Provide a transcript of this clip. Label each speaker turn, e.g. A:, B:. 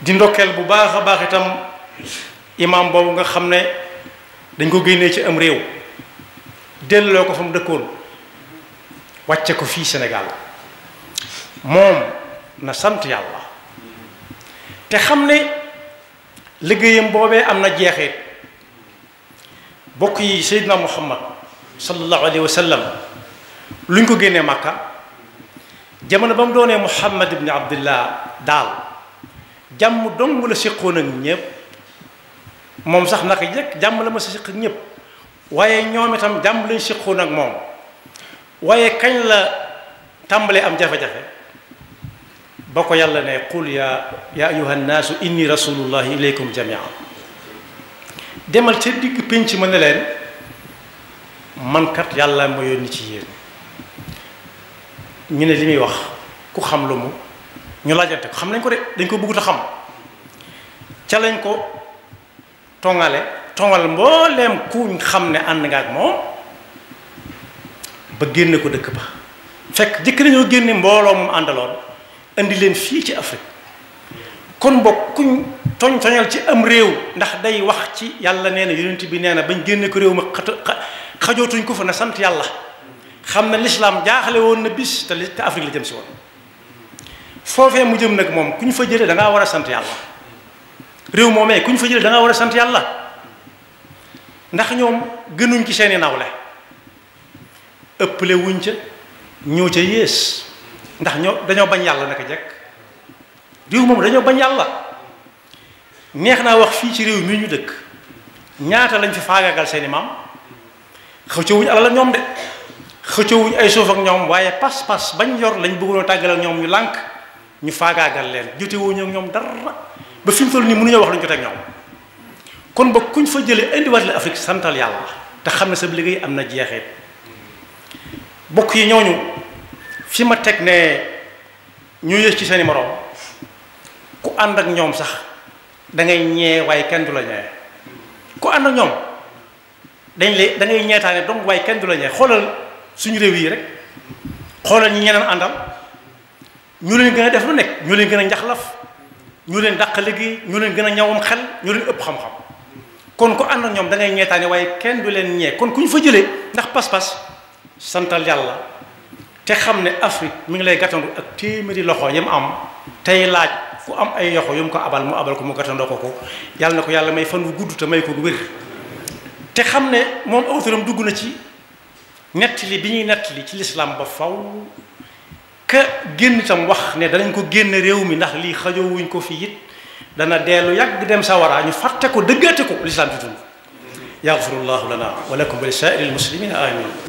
A: di ndokkeel bu baax a baax itam imaam boobu nga xam ne dañ ko génnee ci am réew delloo ko fa mu dëkkoon wàcce ko fii senegal moom na sant yàlla te xam ne liggéeyam boobee am na jeexeet bokk yi Seydina Muhammad sallallahu alayhi wa sallam luñ ko génnee Makka jamono ba mu doonee Muhammad ibn Abdillah daal jàmm dong la séqoon ak ñëpp moom sax naka jëkk jàmm la ma sa séq ak waaye ñoom itam jàmm lañ séqoon ak moom waaye kañ la tàmbalee am jafe-jafe ba ko yàlla ne qul ya ya ayuha nnaasu inni rasulullahi ilaykum jamia demal ca digg ci ma ne leen mankat yàlla ma yónni ci yéen ñu ne li muy wax ku xam lu mu ñu laajante ko xam nañ ko de dañ ko bëggut a xam ca lañ ko tongale tongal mbooleem kuñ xam ne ànd nga ak moom ba génne ko dëkk ba fekk jëkk nañoo génne mbooloo moom àndaloon indi leen fii ci Afrique kon mbokk kuñ toñ toñal ci am réew ndax day wax ci yàlla nee na yonent bi nee na bañ génne ko réew ma xajootuñ ko fa na sant yàlla xam ne lislaam jaaxale woon na bis te Afrique la jëm si woon foofee mu jëm nag moom ku ñu fa jëlee da war a sant yàlla réew moomee ku ñu fa jëlee da war a sant yàlla ndax ñoom gënuñ ci seeni nawle ëpple wuñ ca ñoo ca yées ndax ñoo dañoo bañ yàlla naka jekk réew moom dañoo bañ yàlla neex naa wax fii ci réew mi ñu dëkk ñaata lañ fi faagaagal seeni maam xëccowuñ alal ñoom de xëccowuñ ay suuf ak ñoom waaye pas-pas bañ yor lañ bëggoon a ñoom ñu lànk ñu faagaagal leen jotewoo ñoom ñoom dara ba fi mu toll nii mënuñoo wax lu ñu jotee ak ñoom kon ba kuñ fa jëlee indiwaat la Afrique santal yàlla te xam ne sa liggéey am na jeexeet bokk yi ñooñu fi ma teg ne ñu yées ci seeni moroom ku ànd ak ñoom sax da ngay waaye kenn la ku ànd ak dañ lay da ngay ñeetaane donc waaye kenn du la ñee xoolal suñu réew yii rek xoolal ñi ñeneen àndal. ñu leen gën a def lu nekk ñu leen gën a njaxlaf ñu leen daq liggéey ñu leen gën a ñawam xel ñu leen ëpp xam-xam kon ko ànd na ñoom da ngay ñeetaane waaye kenn du leen ñee kon ku ñu fa jëlee ndax pas-pas santal yàlla te xam ne Afrique mi ngi lay gàttandu ak téeméeri loxo yam am tey laaj ku am ay yoxo yoom ko abal mu abal ko mu gàttandoo ko ko yàlla na ko yàlla may fan wu gudd te may ko wér te xam ne moom autoram dugg na ci nettali bi ñuy nettali ci lislaam ba faw ka génn itam wax ne danañ ko génn réew mi ndax lii xajowuñ ko fii it dana dellu yàgg dem sawara ñu fàtte ko dëggaate ko lislaam ci dund yaxfirullahu lana wa lakum wa li saa'iril muslimina amin